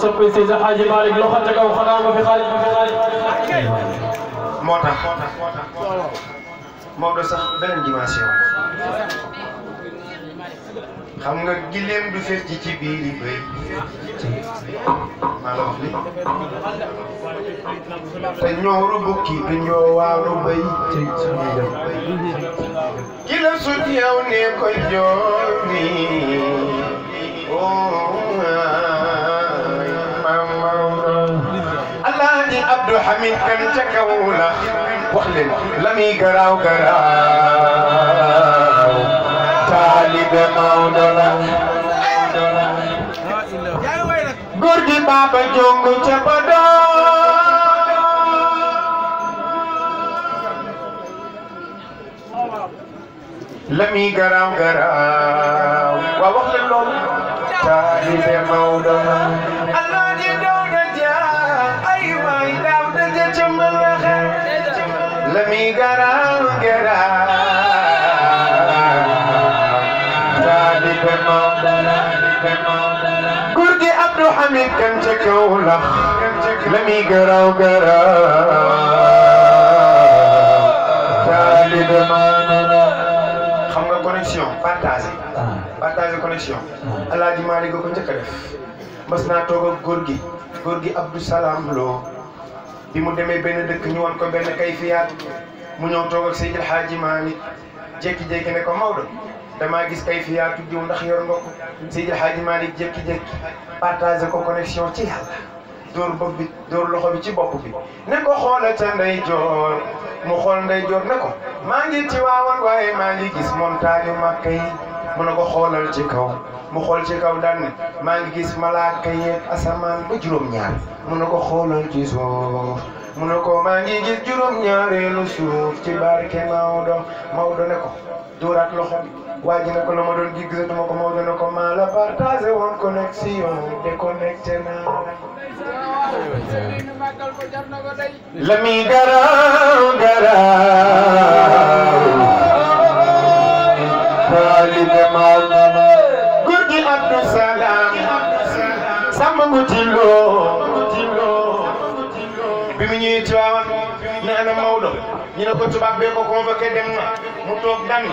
soppi Seydi Hadji Malick loxo ca kaw xanaa ma fi xaalis ma fi xaalis moo tax moom da sax beneen dimension xam nga gileem du fees ci ci biiri béy maa la wax li te ñooru bukki du ñoo waaru béy ci suñu dem ki la sut yow ne ko joomi alaaji Abdou Hamid kan ca kaw la wax leen la muy garaaw garaaw taalib Maodo la góor gi Baba Jongo ca Podor la mi garaaw garaaw waaw wax leen loolu taalib Maodo la Let me get out, get out. حميد كم xam nga connexion partagé ah. partagé connexion ah. alaaji Maalik ko mas naa toog ak góor gi góor gi Abdou mu demee benn dëkk ñu wan ko benn kayfiyaat mu ñëw toog ak Seydil Haaji Maalik ne ko Maodo damaa gis ay fi yaa tuddiw ndax yor nga ko Seydi Hadji Malick jékki-jékki partagé ko connexion ci yàlla dóor bopp bi dóor loxo bi ci bokk bi ne ko xoola ca nday joor mu xool nday joor ne ko maa ngi ci waawan waaye maa ngi gis montagne Makka yi mu ne ko xoolal ci kaw mu xool ci kaw daan ne maa ngi gis malaaka yeeg asamaan ba juróom-ñaar mu ne ko xoolal ci suuf mu ne ko maa ngi gis juróom-ñaareelu suuf ci barke Maodo Maodo ne ko dóoraat loxo bi waa ji na ko la ma ko Maodo na ko woon connexion déconnecté naa la mi garaaw garaaw taalibe Maodo guddi Abdou Salam sama loo bi mu ñëwee ci waawan ne ana Maodo ñu ne ko tubaab bee ko convoqué dem na mu toog daan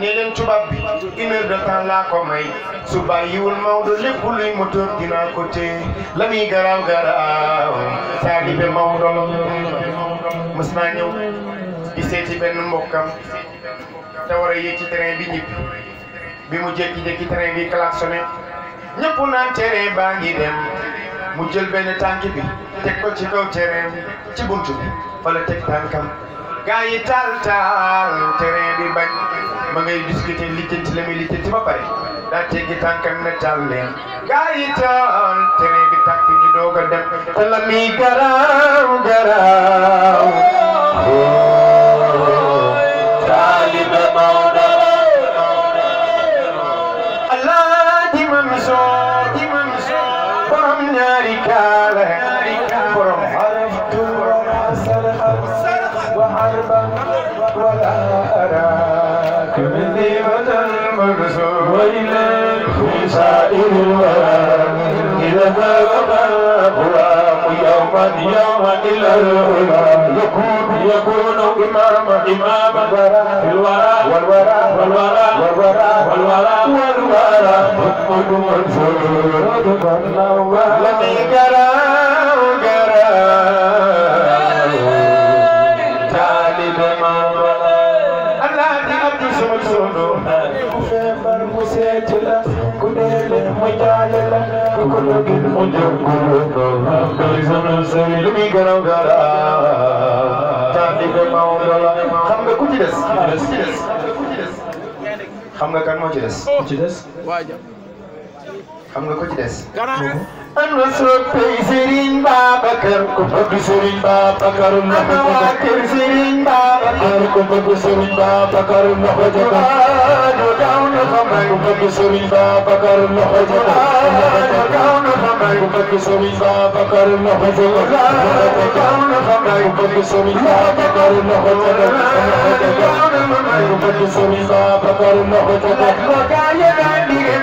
ne leen tubaab bi une heure de laa ko may su bàyyiwul Maodo lépp luy moteur dinaa ko téye la muy garaaw garaaw taalibe Maodo la mës naa ñëw di seeti benn mbokkam te war a yéeg ci terrain bi ñibbi bi mu jékki-jékki terrain bi klaxonné ñëpp naan terrain baa ngi dem mu jël benn tànk bi teg ci kaw terrain ci buntu bi fa la teg tànkam. gaa yi taal taal terrain bi bañ ma ngay discuter lijjanti la muy lijjanti ba pare gi teggi tànkam na taal leen gaa yi taal terrain bi tàkk ñu doog a dem te la muy garaaw garaaw الورى كمن نعمة المنصور وإليك في سائر الورى إذا ما بقى الأقوام يوما يوما إلى العلا يكون يكون إماما إماما في الورى والورى والورى والورى والورى والورى محمد منصور لم يجرى جرى gisul sunu xaal ku feebar mu seet la ku dee mu jaale la ku dogin mu jóg ku doon am koy sonal sëriñ lu muy gën a garaa tàndibe Maodo la xam nga ku ci des ku ci des xam nga kan moo ci des ku ci des xam nga ko ci des. gannaaw. am na soppey Serigne Babacar ku bëgg Serigne Babacar na ko jox waa kër Serigne Babacar ku bëgg Serigne Babacar na ko jox do daw na fa may ku bëgg Serigne Babacar na ko jox do daw na fa may ku bëgg Serigne Babacar na ko jox do daw na fa may ku bëgg Serigne Babacar na ko jox do daw na fa may ku bëgg Serigne Babacar na ko jox